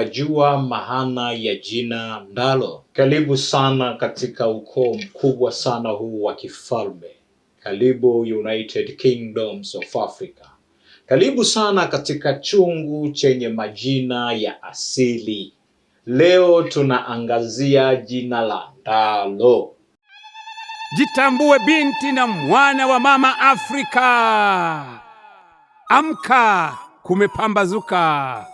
Najua maana ya jina ndalo Karibu sana katika ukoo mkubwa sana huu wa kifalme. Karibu United Kingdoms of Africa. Karibu sana katika chungu chenye majina ya asili. Leo tunaangazia jina la ndalo Jitambue binti na mwana wa mama Afrika. Amka, kumepambazuka.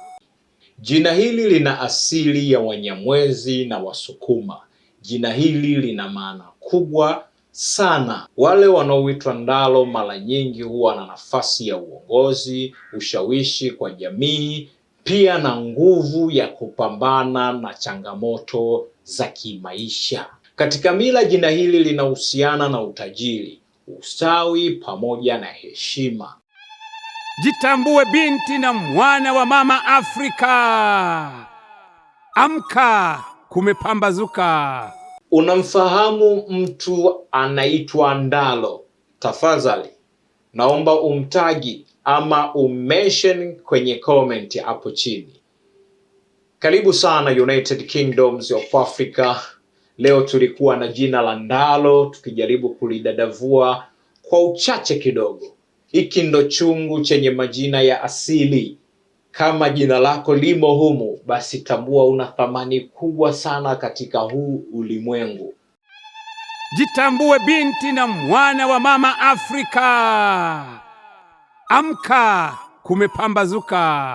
Jina hili lina asili ya Wanyamwezi na Wasukuma. Jina hili lina maana kubwa sana. Wale wanaoitwa ndalo mara nyingi huwa na nafasi ya uongozi, ushawishi kwa jamii, pia na nguvu ya kupambana na changamoto za kimaisha. Katika mila, jina hili linahusiana na utajiri, ustawi pamoja na heshima. Jitambue binti na mwana wa mama Afrika. Amka, kumepambazuka. Unamfahamu mtu anaitwa Ndalo? Tafadhali naomba umtagi ama umention kwenye comment hapo chini. Karibu sana United Kingdoms of Africa. Leo tulikuwa na jina la Ndalo tukijaribu kulidadavua kwa uchache kidogo hiki ndo chungu chenye majina ya asili. Kama jina lako limo humu, basi tambua una thamani kubwa sana katika huu ulimwengu. Jitambue binti na mwana wa mama Afrika. Amka, kumepambazuka.